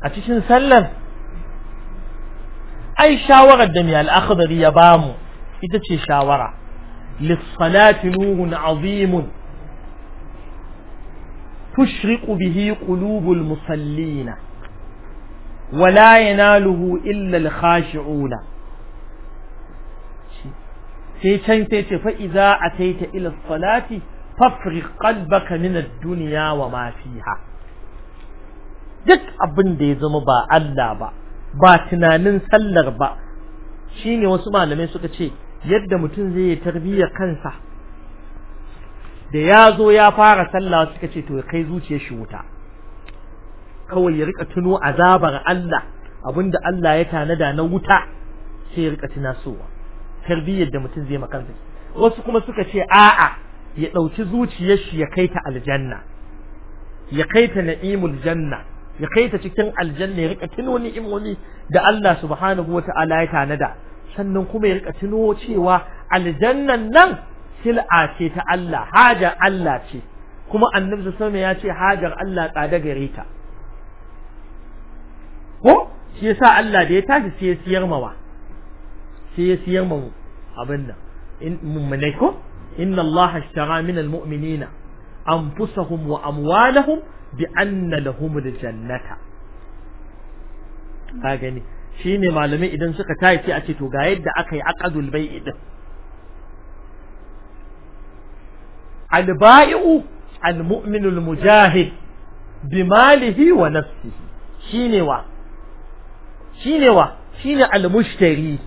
a cikin sallar ai shawarar da mai al'akhdari ya bamu ita ce shawara lissalati nuhun azimun tushriqu bihi qulubul musallina wala yanaluhu illa al-khashi'una sai can sai ce fa idza ataita ila salati fafri qalbaka min ad-dunya wa ma fiha duk abin da ya zama ba Allah ba ba tunanin sallar ba shine wasu malamai suka ce yadda mutum zai yi tarbiyyar kansa da ya zo ya fara sallah suka ce to kai zuciyar shi wuta kawai ya rika tuno azabar Allah abinda Allah ya tanada na wuta sai ya rika tunasowa tarbiyyar da mutum zai makansa wasu kuma suka ce a'a ya ɗauki zuciyar shi ya kai ta aljanna ya kai ta na'imul janna ya kai ta cikin aljanna ya rika tuno ni'imomi da Allah subhanahu wata'ala ya tanada sannan kuma ya rika tuno cewa aljannan nan sil'a ce ta Allah hajar Allah ce kuma annabi sallallahu ya ce hajar Allah tsada gare ta ko shi yasa Allah da ya tashi sai ya siyar mawa sai ya siyar abin nan mummunai ko inna Allah ashtara min almu'minina anfusahum wa amwalahum bi anna lahum aljannata ka gani shine malamai idan suka tayi sai a ce to ga yadda aka yi aqdul bai'i din albai'u almu'minu almujahid malihi wa nafsihi shine wa shine wa shine almushtari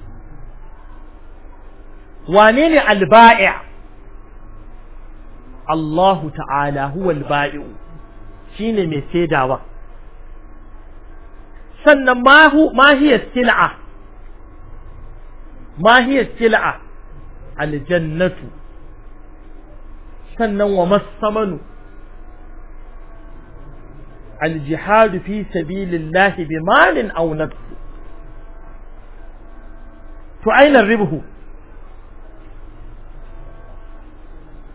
wane ne alba'i Allahu ta'ala huwa alba'i shine mai saidawa sannan mahu mahiyar sil'a mahiyar sil'a aljannatu sannan wa masamanu aljihadu fi sabilillahi bimalin aw nafsi to aina ribhu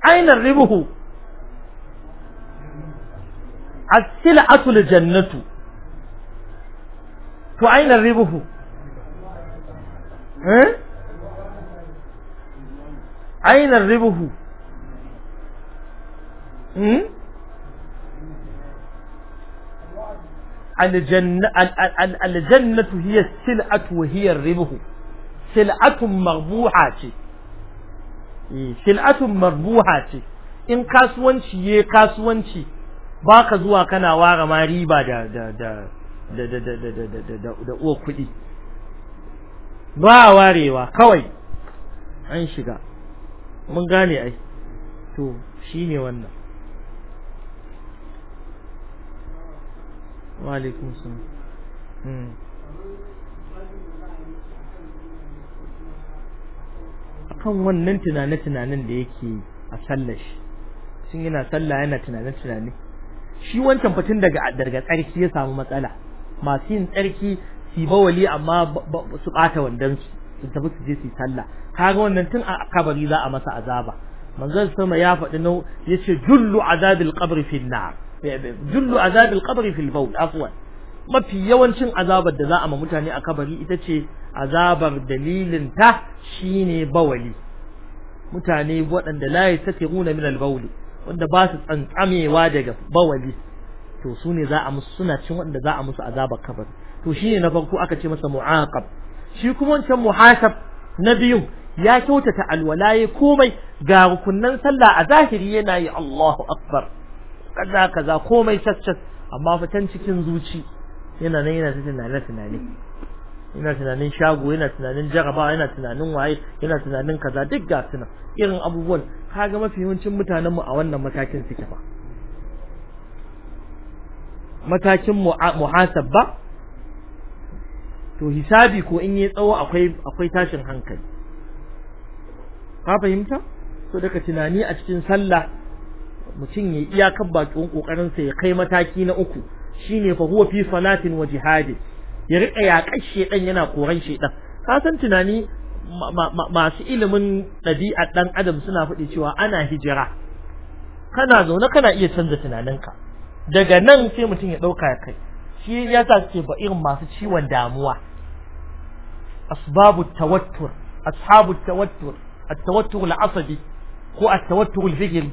أين الربه السلعة الجنة أين الربه أين الربه الجنة, الجنة هي السلعة وهي الربه سلعة مغبوحة shil'atun marbuha ce in kasuwanci ye kasuwanci ba ka zuwa kana ware ma riba da da da da da da da da da da da uwa kuɗi ba warewa kawai an shiga mun gane ai to ne wannan wa alaikum salam Kan wannan tunane-tunanen da yake a sallar shi sun yana sallah yana tunane-tunane shi wancan fatin daga daga tsarki ya samu matsala masu yin tsarki su bawali amma su bata wandan su su tafi su je su sallah kaga wannan tun a kabari za a masa azaba manzon sama ya faɗi nau yace jullu azabil qabr fi nar eh, eh, jullu azabil qabr fi al afwan mafi yawancin azabar da za a ma mutane a kabari ita ce azabar dalilin ta shine bawali mutane waɗanda la yastatiruna min al-bawli wanda ba su tsantsamewa daga bawali to su ne za a musu suna cin waɗanda za a musu azabar kabari to shine na farko aka ce masa mu'aqab shi kuma wancan muhasab na biyu ya kyautata alwalaye komai ga rukunnan sallah a zahiri yana yi Allahu akbar kaza kaza komai caccat amma fitan cikin zuci yana nan yana ta tunane tunane Ina tunanin shago ina tunanin jaraba ina tunanin waye ina tunanin kaza duk ga suna irin abubuwan kaga mafi yawancin mutanen mu a wannan matakin suke ba matakin mu muhasabba to hisabi ko in yi tsawo akwai akwai tashin hankali ka fahimta so daga tunani a cikin sallah mutum ya iyakar bakin kokarin sa ya kai mataki na uku shine fa huwa fi salatin wa jihadin ya riƙa yaƙar shedan yana koran shedan ka san tunani masu ilimin ɗabi'ar ɗan adam suna faɗi cewa ana hijira kana zaune kana iya canza tunaninka daga nan sai mutum ya ɗauka ya kai shi ya sa suke ba irin masu ciwon damuwa asbabu tawattur ashabu tawattur at-tawattur al-asabi ko a tawattur al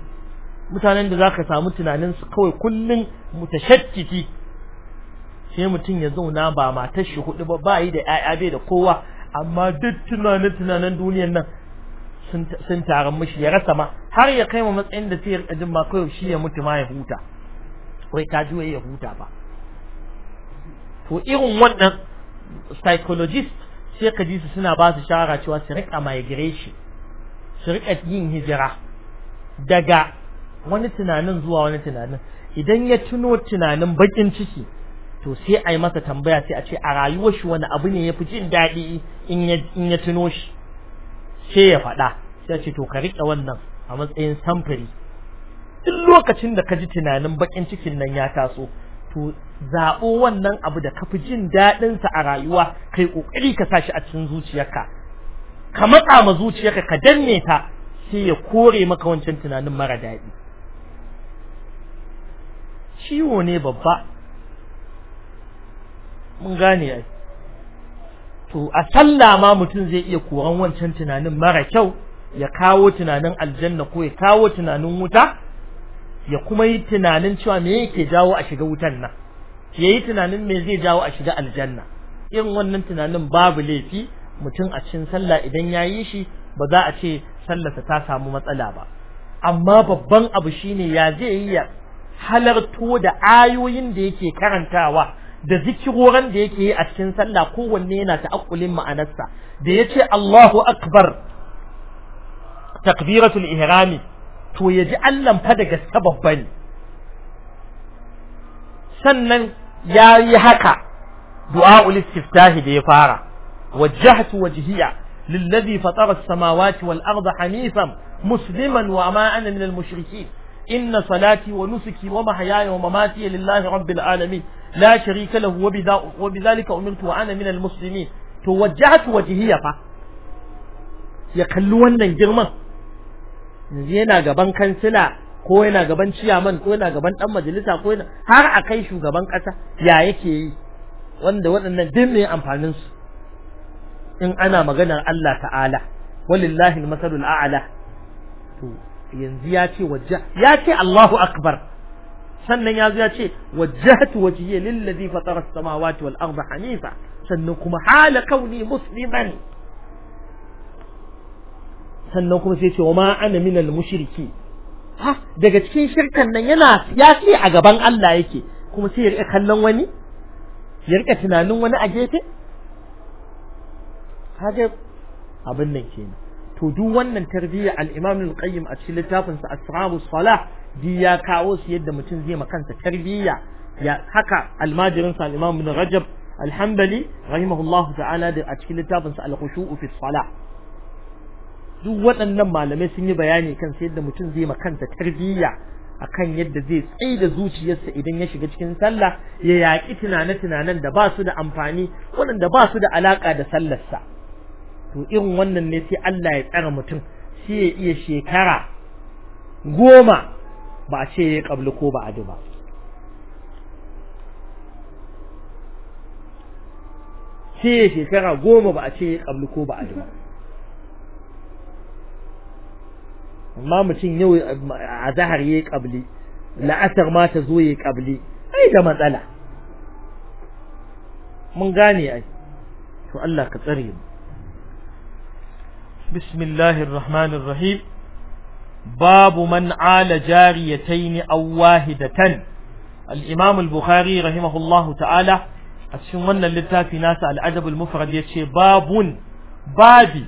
mutanen da zaka samu tunanin su kawai kullun mutashakkiki sai mutum ya zauna ba matar shi hudu ba ba yi da ƴaƴa bai da kowa amma duk tunanin tunanin duniyar nan sun taron mishi ya rasa ma har ya kai ma matsayin da sai ya rika ma kawai shi ya mutu ma ya huta wai ka ji ya huta ba to irin wannan psychologist sai ka ji su suna ba su shawara cewa su rika migration su rika yin hijira daga wani tunanin zuwa wani tunanin idan ya tuno tunanin bakin ciki to sai a yi masa tambaya sai a ce a rayuwar shi wani abu ne yafi fi jin daɗi in ya tuno shi sai ya faɗa sai ce to ka rika wannan a matsayin samfuri duk lokacin da ka ji tunanin bakin cikin nan ya taso to zaɓo wannan abu da kafi fi jin daɗinsa a rayuwa kai ƙoƙari ka sashi a cikin zuciyarka ka matsa ma zuciyarka ka danne ta sai ya kore maka wancan tunanin mara daɗi ciwo ne babba mun gane ai to a sallah ma mutum zai iya koran wancan tunanin mara kyau ya kawo tunanin aljanna ko ya kawo tunanin wuta ya kuma yi tunanin cewa me yake jawo a shiga wutan nan ya yi tunanin me zai jawo a shiga aljanna irin wannan tunanin babu laifi mutum a cikin sallah idan ya yi shi ba za a ce sallarsa ta samu matsala ba amma babban abu shine ya zai yi ya halarto da ayoyin da yake karantawa da zikirorin da yake a cikin sallah kowanne yana ta'akkulin ma'anarsa da ya ce Allahu akbar takbiratul ihram to ya yaji Allah fa daga sababban sannan ya yi haka du'aul istiftahi da ya fara wajjahtu wajhiya lilladhi fatara as-samawati wal arda hanifan musliman wa ma ana min al-mushrikeen inna salati wa nusuki wa mahyaya wa mamati lillahi rabbil alamin la sharika lahu wa bidhalika umirtu wa ana minal muslimin to wajjahatu wajhiya fa ya kalli wannan girman yanzu yana gaban kansila ko yana gaban ciyaman ko yana gaban dan majalisa har a kai shugaban kasa ya yake yi wanda waɗannan duk ne amfanin su in ana maganar Allah ta'ala walillahi al-masalul a'la to yanzu ya ce wajja ya ce Allahu akbar sannan ya zo ya ce wajjahtu wajhiya lillazi fatara as-samawati wal arda hanifa sannan kuma hala kauni musliman sannan kuma sai ce wa ma ana minal mushriki ha daga cikin shirkan nan yana ya ce a gaban Allah yake kuma sai ya rika kallon wani ya rika tunanin wani a gefe kaga abin nan kenan to duk wannan tarbiyya al-Imam al-Qayyim a cikin littafinsa sa Asrarus Salah di ya kawo su yadda mutum zai ma tarbiyya ya haka almajirin sa al-Imam Ibn Rajab al-Hanbali rahimahullahu ta'ala da a cikin littafin sa al-Khushu'u fi Salah duk waɗannan malamai sun yi bayani kan yadda mutum zai ma kansa tarbiyya akan yadda zai tsaye da zuciyarsa idan ya shiga cikin sallah ya yaƙi tunane-tunanen da ba su da amfani waɗanda ba su da alaƙa da sallarsa to irin wannan ne sai Allah ya tsara mutum sai ya iya shekara goma ba a ce ya ko ba adu ba sai shekara goma ba a ce ya ko ba adu ba amma mutum yau a zahar ya qabli la'asar ma ta zo ya kabli ai da matsala mun gane ai to Allah ka tsare mu بسم الله الرحمن الرحيم babu man ala jariyataini aw wahidatan al-imam al-bukhari rahimahullahu ta'ala a cikin wannan littafi nasa al-adab al-mufrad yace babun babi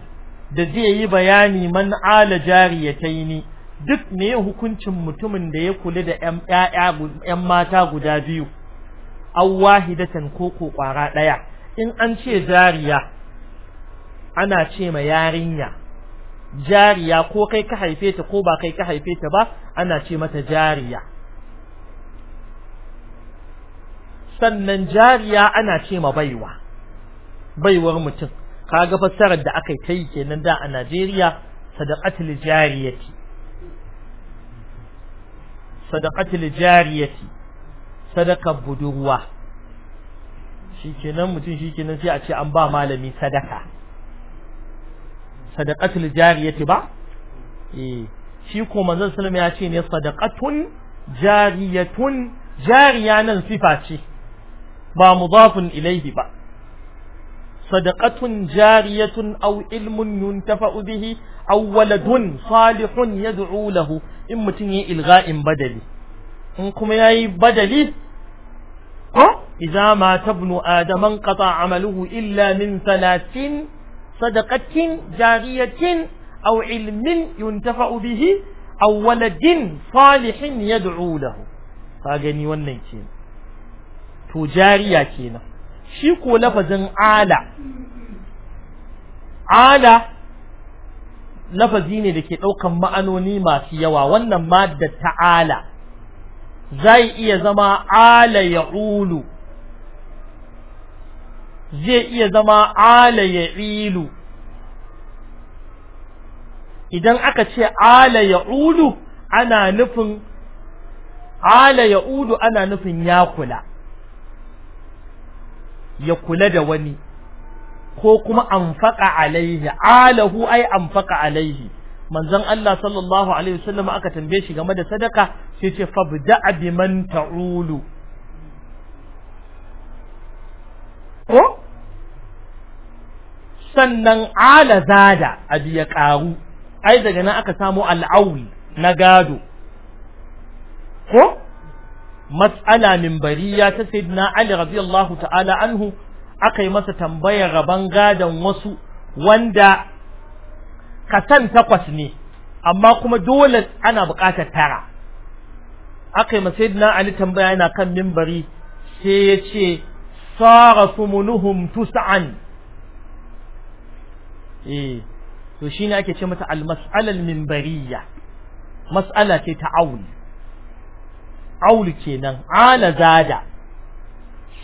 da zai yi bayani man ala jariyataini duk ne hukuncin mutumin da ya kula da ƴan mata guda biyu aw wahidatan ko ko kwara daya in an ce jariya ana ce ma yarinya jariya ko kai ka haife ta ko ba kai ka haife ta ba ana ce mata jariya sannan jariya ana ce ma baiwa baiwar mutum kaga fassarar da aka kai kenan da a Najeriya sadaqatul jariyati sadaqatul jariyati sadaqar budurwa shikenan mutum shikenan sai a ce an ba malami sadaka sadaqatul jariyati ba eh shi ko manzon sallallahu ya ce ne sadaqatun jariyatun jariya nan sifa ce ba mudafun ilaihi ba sadaqatun jariyatun aw ilmun yuntafa'u bihi aw waladun salihun yad'u lahu in mutun yi ilga'in badali in kuma yayi badali ko idza ma tabnu adaman qata amaluhu illa min 30 sadaƙaƙin jariyacin aw ilmin yuntafa ubihi aw waladin salihin ya lahu ka gani wannan ce to jariya kenan shi ko lafazin ala ala lafazi ne da ke ɗaukan ma'anoni masu yawa wannan ma da ta'ala za iya zama ala ya zai iya zama alaye ilu idan aka ce alaye ulu ana nufin alaye ulu ana nufin ya kula ya kula da wani ko kuma anfaqa alaihi alahu ai anfaqa alaihi manzon Allah sallallahu alaihi wasallam aka tambaye shi game da sadaka sai ce fabda'a biman ta'ulu ko sannan ala zada abu ya ƙaru ai daga nan aka samu al'awi na gado ko matsala min bariya ta sayyidina ali radiyallahu ta'ala anhu aka yi masa tambayar rabon gadon wasu wanda kasan takwas ne amma kuma dole ana buƙatar tara aka yi masa sayyidina ali tambaya yana kan minbari sai ya ce sara sumunuhum tus'an eh to shi shine ake ce mata al-mas'alal minbariyya mas'ala ce ta aul aul kenan ala zada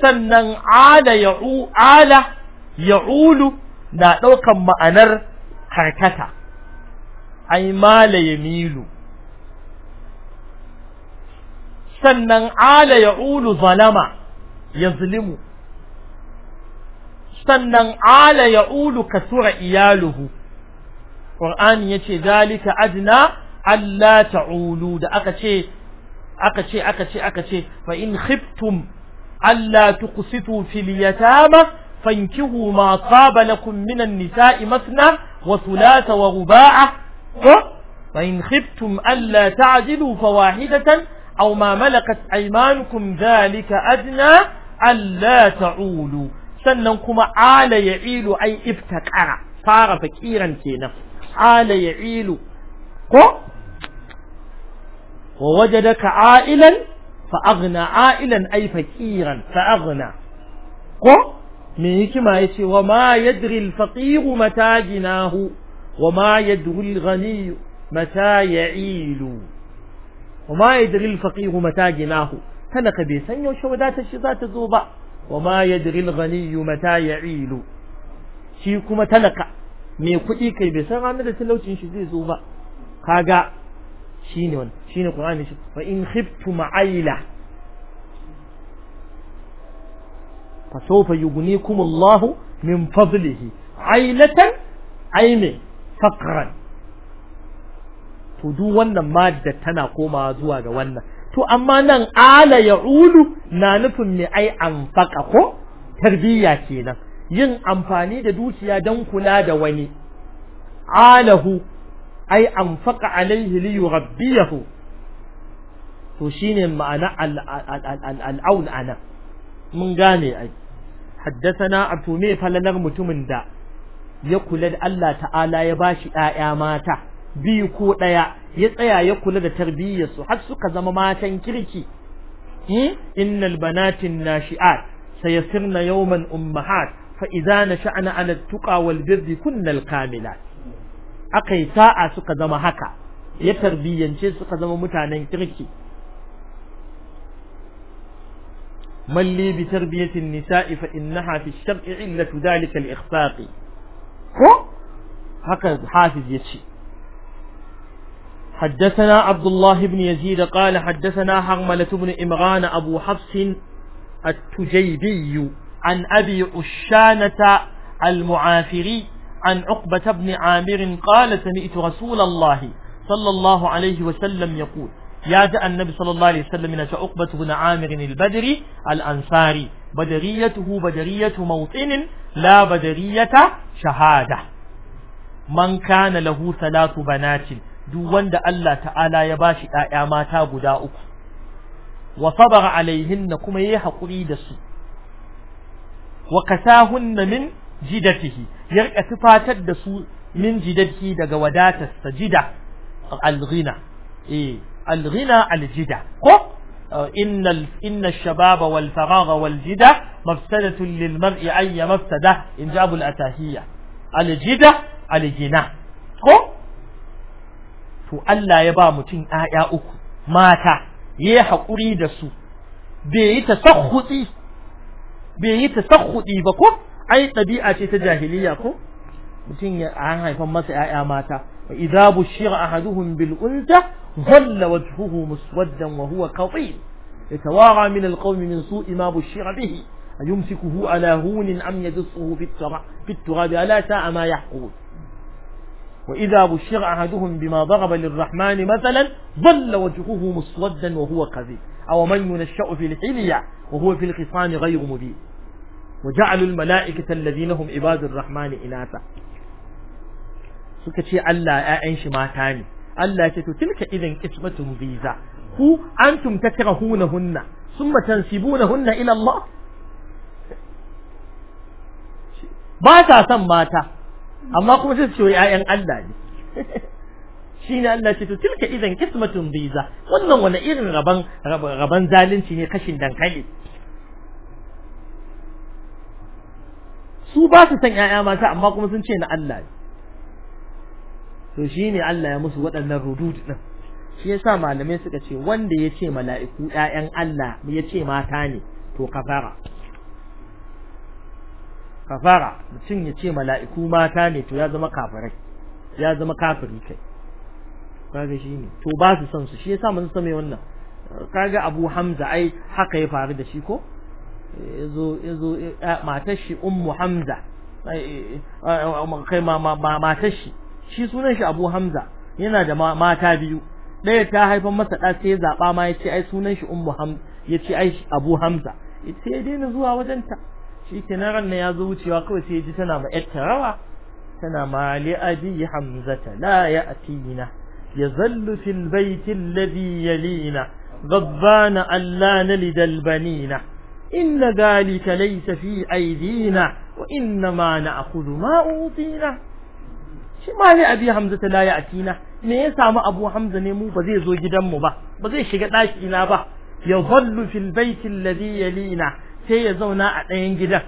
sannan ala ya'u ala ya'ulu na daukan ma'anar harkata ai mala yamilu sannan ala ya'ulu zalama yazlimu sannan ala ya ya'ulu tura iyaluhu ƙur'ani yace zalika adna alla ta'ulu da aka ce aka ce aka ce aka ce fa in khiftum alla tuqsitu fil yatama fankihu ma qaba lakum minan nisa'i masna wa thulatha wa ruba'a fa in khiftum alla ta'dilu fawahidatan aw ma malakat aymanukum zalika adna alla ta'ulu sannan kuma ala ya'ilu ai iftaqara fara fakiran kenan ala ya'ilu ko wa wajadaka ailan fa aghna ailan a'y fakiran fa aghna ko me hikima yace wa ma yadri al faqir mata jinahu wa ma yadri al ghani mata ya'ilu wa ma yadri al faqir mata jinahu ka bai san yaushe wadatar shi za ta zo ba wa ma yadri al-ghani mata ya'ilu shi kuma talaka me kuɗi kai bai san ranar da talaucin shi zai zo ba kaga shine wannan shine qur'ani shi fa in khiftu ma'aila fa sawfa yughnikum Allahu min fadlihi ailatan aime faqran to duk wannan madda tana komawa zuwa ga wannan to amma nan ala ya'ulu na nufin mai ai anfaka ko tarbiyya kenan yin amfani da dukiya don kula da wani alahu ai anfaka alaihi li yurabbiyahu to shine ma'ana al ana mun gane ai haddathana a falalar mutumin da ya kula da Allah ta'ala ya bashi ƴaƴa mata biyu ko daya ya tsaya ya kula da tarbiyyarsu har suka zama matan kirki innal banatin nashi'at sayasirna yawman ummahat fa idza nasha'na ala tuqa wal birri kunnal kamilat akai sa'a suka zama haka ya tarbiyyance suka zama mutanen kirki malli bi tarbiyatin nisa'i fa innaha fi shar'i illatu dhalika al-ikhfaqi ko haka hafiz yace حدثنا عبد الله بن يزيد قال حدثنا حرملة بن إمران أبو حفص التجيبي عن أبي عشانة المعافري عن عقبة بن عامر قال سمعت رسول الله صلى الله عليه وسلم يقول يا جاء النبي صلى الله عليه وسلم من عقبة بن عامر البدري الأنصاري بدريته بدرية موطن لا بدرية شهادة من كان له ثلاث بنات duk wanda Allah ta'ala ya bashi ɗaya mata guda uku wa sabara alaihinna kuma yayi hakuri da su wa kasahunna min jidatihi ya tufatar da su min jidatihi daga wadatar sajida al-ghina eh al-ghina al-jida ko إن إن الشباب والفراغ والجدة مفسدة للمرء أي مفسدة إن جابوا الأتاهية الجدة الجناح to Allah ya ba mutum ayya uku mata ya hakuri da su bai yi tasakhudi bai yi tasakhudi ba ko ai tabi'a ce ta jahiliya ko mutum ya an haifan masa ayya mata wa idza bushira ahaduhum bil unta dhalla wajhuhu muswaddan wa huwa qatil yatawara min al qawmi min su'i ma bushira bihi ayumsikuhu ala hunin am yadsuhu fit turab ala sa'a ma yahqun وإذا بشر أحدهم بما ضرب للرحمن مثلا ظل وجهه مسودا وهو كذب أو من ينشأ في الحلية وهو في الخصام غير مبين وجعلوا الملائكة الذين هم عباد الرحمن إناثا سكتي ألا أعيش ما تاني ألا تلك إذا قسمة ضيزى هو أنتم تكرهونهن ثم تنسبونهن إلى الله ما تسمى amma kuma sai su ce ƴaƴan Allah ne shi ne Allah ce to tilka idan kismatun biza wannan wani irin raban raban zalunci ne kashin dankali su ba su san ƴaƴa mata amma kuma sun ce na Allah ne to shi ne Allah ya musu waɗannan rudud din shi yasa malamai suka ce wanda ya ce mala'iku ƴaƴan Allah ya ce mata ne to kafara kafara mutum ya ce mala'iku mata ne to ya zama kafirai ya zama kafiri kai kaga ne to ba su san su shi yasa mun san me wannan kaga Abu Hamza ai haka ya faru da shi ko yazo yazo matar shi ummu Hamza kai ma matar shi shi sunan shi Abu Hamza yana da mata biyu ɗaya ta haifar masa ɗa sai zaba zaɓa ma yace ai sunan shi ummu Hamza yace ai Abu Hamza yace ya daina zuwa wajenta shi ke na ran ya zo wucewa kawai sai ji tana ma yatta rawa tana ma li abi hamzata la ya atina ya zallu fil baiti alladhi yalina gabbana غضبان ألا نلد البنين إن ذلك ليس في أيدينا وإنما نأخذ ma أوطينا shi ma ne abi hamza ta la ya atina me ya samu abu hamza ne mu ba zai zo gidan mu ba ba zai shiga ɗaki na ba ya zallu fil baiti alladhi yalina sai ya zauna a ɗayan gidan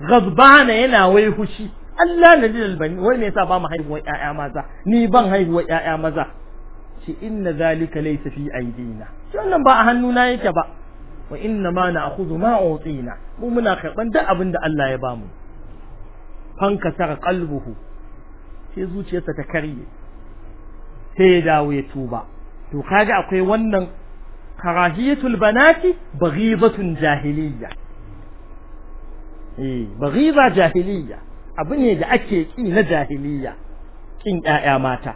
gazbana yana wai hushi Allah na jidal dalbani, wai me yasa ba mu haihuwar ƴaƴa maza ni ban haihuwar ƴaƴa maza shi inna zalika laysa fi aidina wannan ba a hannuna yake ba wa inna ma na'khudhu ma utina mu muna karban duk abin da Allah ya bamu fanka tara qalbuhu sai zuciyarsa ta karye sai ya dawo ya tuba to kaga akwai wannan karahiyatul banati baghizatun jahiliya eh baghiza jahiliya abu ne da ake ki na jahiliya kin ƴaƴa mata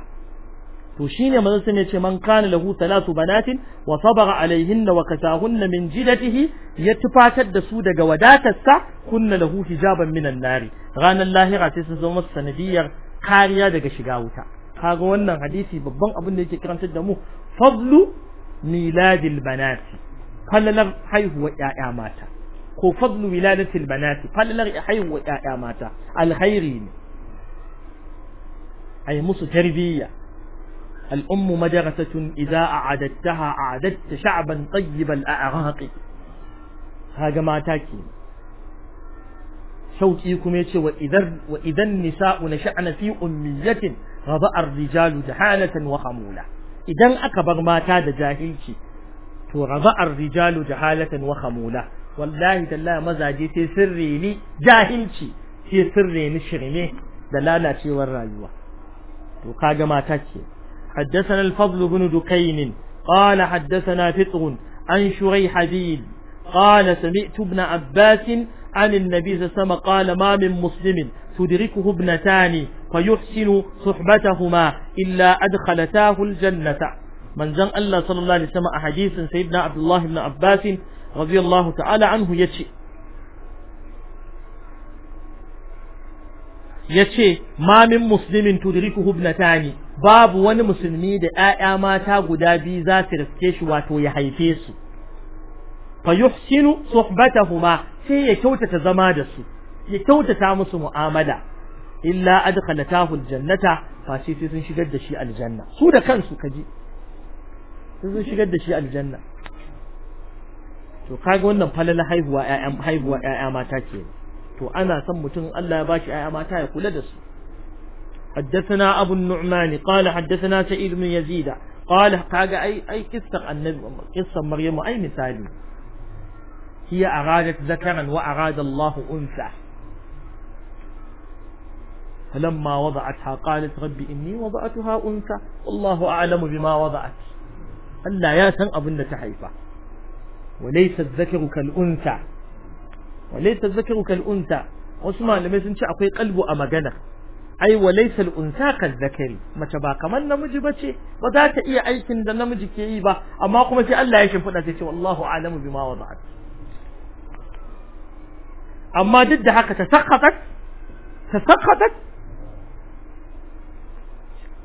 to shine manzon sai ce man kana lahu salasu banatin wa sabara alaihinna wa kasahunna min jidatihi ya tufatar da su daga wadatarsa kunna lahu hijaban minan nari ranar lahira sai sun zama sanadiyar kariya daga shiga wuta kaga wannan hadisi babban abin da yake karantar da mu fadlu ميلاد البنات قال لغ حيف يا ماتا كو فضل ميلادة البنات قال لغ حيف يا ماتا الخيرين أي مصر تربية الأم مدرسة إذا أعددتها أعددت شعبا طيب الأعراق هذا ما تاكين شوكيكم يتشي وإذا, وإذا النساء نشأن في أمية غضاء الرجال جحالة وخمولة idan aka bar mata da jahilci to raba'ar rijalu jahalatan wa khamula wallahi tallahi mazaje sai sirri ni jahilci sai sirri ni shirme da lalacewar rayuwa to kaga mata ce حدثنا الفضل بن دكين قال حدثنا فتغ عن شري حبيب قال سمعت ابن عباس عن النبي صلى الله عليه وسلم قال ما من مسلم تدركه ابنتان فيحسن صحبتهما إلا أدخلتاه الجنة من زن الله صلى الله عليه وسلم أحاديث سيدنا عبد الله بن عباس رضي الله تعالى عنه يتشي yace ma min muslimin tudrikuhu ibnatani babu wani musulmi da ƴaƴa mata guda biyu za su riske shi wato ya haife su fa yuhsinu suhbatahuma sai ya kyautata zama da su ya kyautata musu mu'amala illa adkhalatahu aljannata fa sai sun shigar da shi aljanna su da kansu kaji sun shigar da shi aljanna to kaga wannan falala haihuwa 'ya'ya haihuwa ƴaƴa mata ke to ana son mutum Allah ya bashi 'ya'ya mata ya kula da su حدثنا أبو النعمان قال حدثنا سعيد بن يزيد قال كاجا أي أي قصة النبي قصة مريم أي مثال هي أرادت wa وأراد الله unsa. فلما وضعتها قالت ربي إني وضعتها أنثى والله أعلم بما وضعت ألا ياسن أظن تحيفة وليس الذكر كالأنثى وليس الذكر كالأنثى وسمع لما يسنش أقوي قلبه أمجنة أي وليس الأنثى كالذكر ما تبا كمان نمجي بشي وذات إيا أيكن دا نمجي كيبا أما قم سي ألا يشنفنا تيتي والله أعلم بما وضعت أما ضد حقا تسقطت تسقطت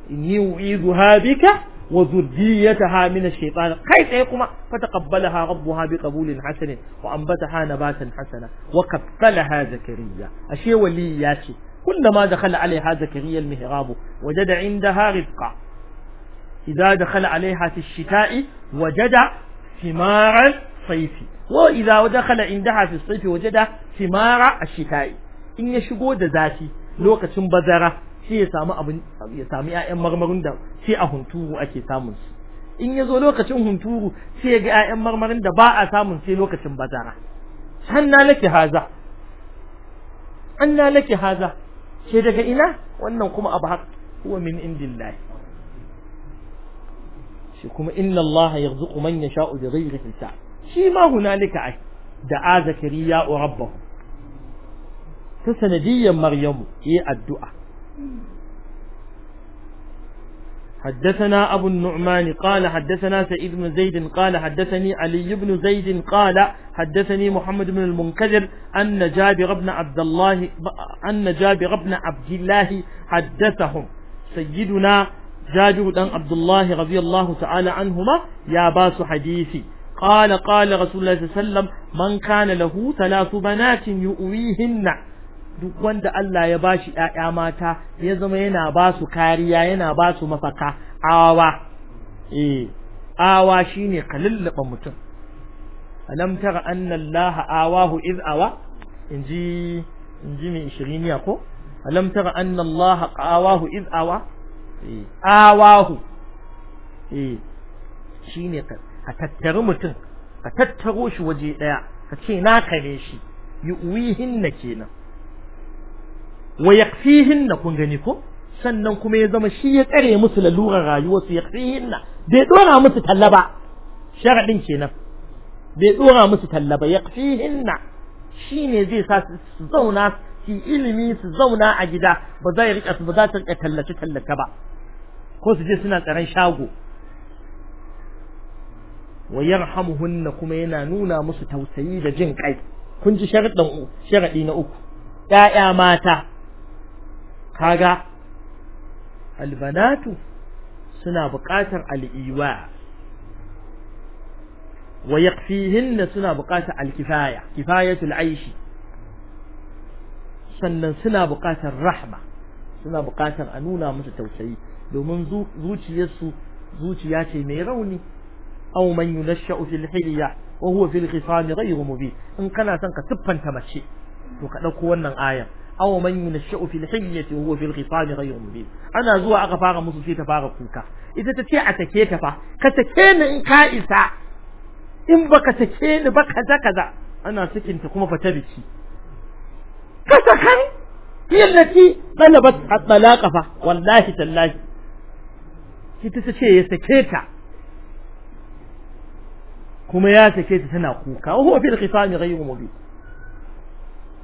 إني أعيذها بك وذريتها من الشيطان كيف يقوم فتقبلها ربها بقبول حسن وأنبتها نباتا حسنا وقبلها زكريا أشي ولي ياشي كلما دخل عليها زكريا المهراب وجد عندها رفقا إذا دخل عليها في الشتاء وجد ثمار الصيف وإذا دخل عندها في الصيف وجد ثمار الشتاء إن يشقود ذاتي لوقت بذرة Shi ya samu abin ya samu ƴaƴan marmarin da sai a hunturu ake samun su in ya zo lokacin hunturu sai ya ga ƴaƴan marmarin da ba a samun sai lokacin bazara hanna laki haza anna laki haza ke daga ina wannan kuma abu haq huwa min indillahi shi kuma inna allaha yarzuqu man yasha'u bighayri hisab shi ma hunalika ai da'a zakariya rabbahu ta sanadiyyar maryamu yi addu'a حدثنا أبو النعمان قال حدثنا سعيد بن زيد قال حدثني علي بن زيد قال حدثني محمد بن المنكدر أن جابر بن عبد الله أن جابر بن عبد الله حدثهم سيدنا جابر بن عبد الله رضي الله تعالى عنهما يا باس حديثي قال قال رسول الله صلى الله عليه وسلم من كان له ثلاث بنات يؤويهن duk wanda Allah ya bashi ƴaƴa mata ya zama yana ba su kariya yana ba su mafaka awa eh awa shine kalillaba mutum alam tara anna Allah awahu iz awa inji inji mai shiriniya ko alam tara anna Allah awahu iz awa eh awahu eh shine ka tattari mutum ka tattaro shi waje daya ka ce na kare shi na kenan wa yakfihinna kun gani ko sannan kuma ya zama shi ya tsare musu lalurar rayuwarsu yakfihinna bai dora musu tallaba. ba sharadin kenan bai dora musu talla ba yakfihinna shine zai sa su zauna su ilimi su zauna a gida ba za ya rika ba za ta rika tallace tallace ba ko su je suna tsaron shago wa yarhamuhunna kuma yana nuna musu tausayi da jin kai kun ji sharadin sharadi na uku ƴaƴa mata kaga albanatu suna buƙatar al'iwa wa yaqfihinna suna buƙatar alkifaya kifayatul aishi sannan suna buƙatar rahma suna buƙatar a nuna musu tausayi domin zuciyarsu zuciya ce mai rauni aw man yunashsha'u fil hilya wa huwa fil khisam ghayr mubin in kana son ka siffanta mace to ka dauko wannan ayan أو من ينشأ في الحية وهو في الخصام غير مبين أنا زوا أغفار مصوصي تفار كوكا إذا تتيع تكيك فا كتكين إن كائسا إن بك تكين بك كذا كذا أنا سكن تقوم فتبكي كتكين هي التي غلبت الطلاق فا والله تلاه كتتشي يسكيكا كما يا سكيت سنا كوكا وهو في الخصام غير مبين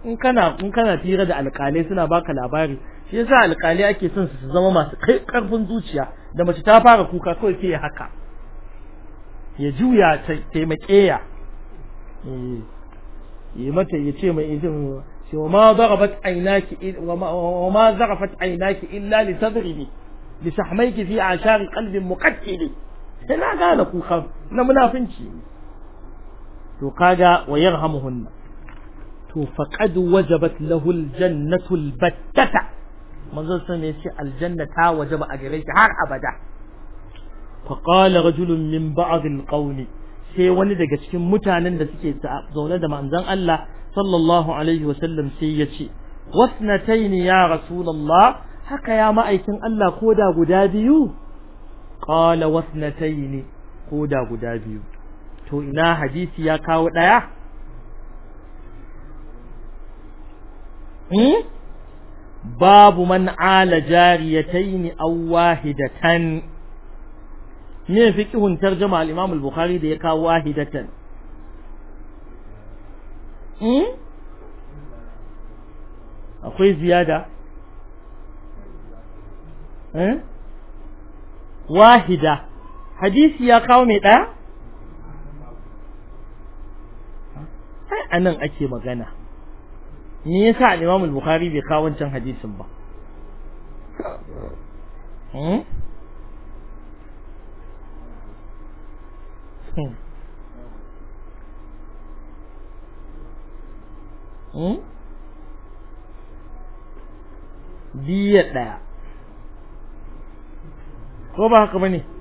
in kana in kana tira da alƙalai suna baka labari shi yasa alƙalai ake son su zama masu kai karfin zuciya da mace ta fara kuka kawai ke haka ya juya taimake eh, ya yi mata ya ce mai izin shi wa ma zarafat ainaki wa ma zarafat ainaki illa li tadribi li sahmayki fi ashar qalbin muqaddili sai na gane kuka na munafinci to kaga wa yarhamuhunna to faqad wajabat lahu aljannatu albattata manzon sa ne ce aljanna ta wajaba a gare shi har abada fa qala rajulun min ba'd alqawmi sai wani daga cikin mutanen da suke zaune da manzon Allah sallallahu alaihi wa sallam sai ya ce wasnatayn ya rasulullah haka ya ma'aikin Allah koda guda biyu qala wasnatayn koda guda biyu to ina hadisi ya kawo daya Hmm? babu man ala jariyatayn aw wahidatan me fiqhun tarjuma al-imam al-bukhari da ya kawo wahidatan hmm? akwai ziyada eh? wahida hadisi ya kawo mai ɗaya? Ai, anan ake magana. me yasa sa imam bukhari bai kawo wancan hadisin ba hmm hmm, hmm? biyar daya ko ba haka bane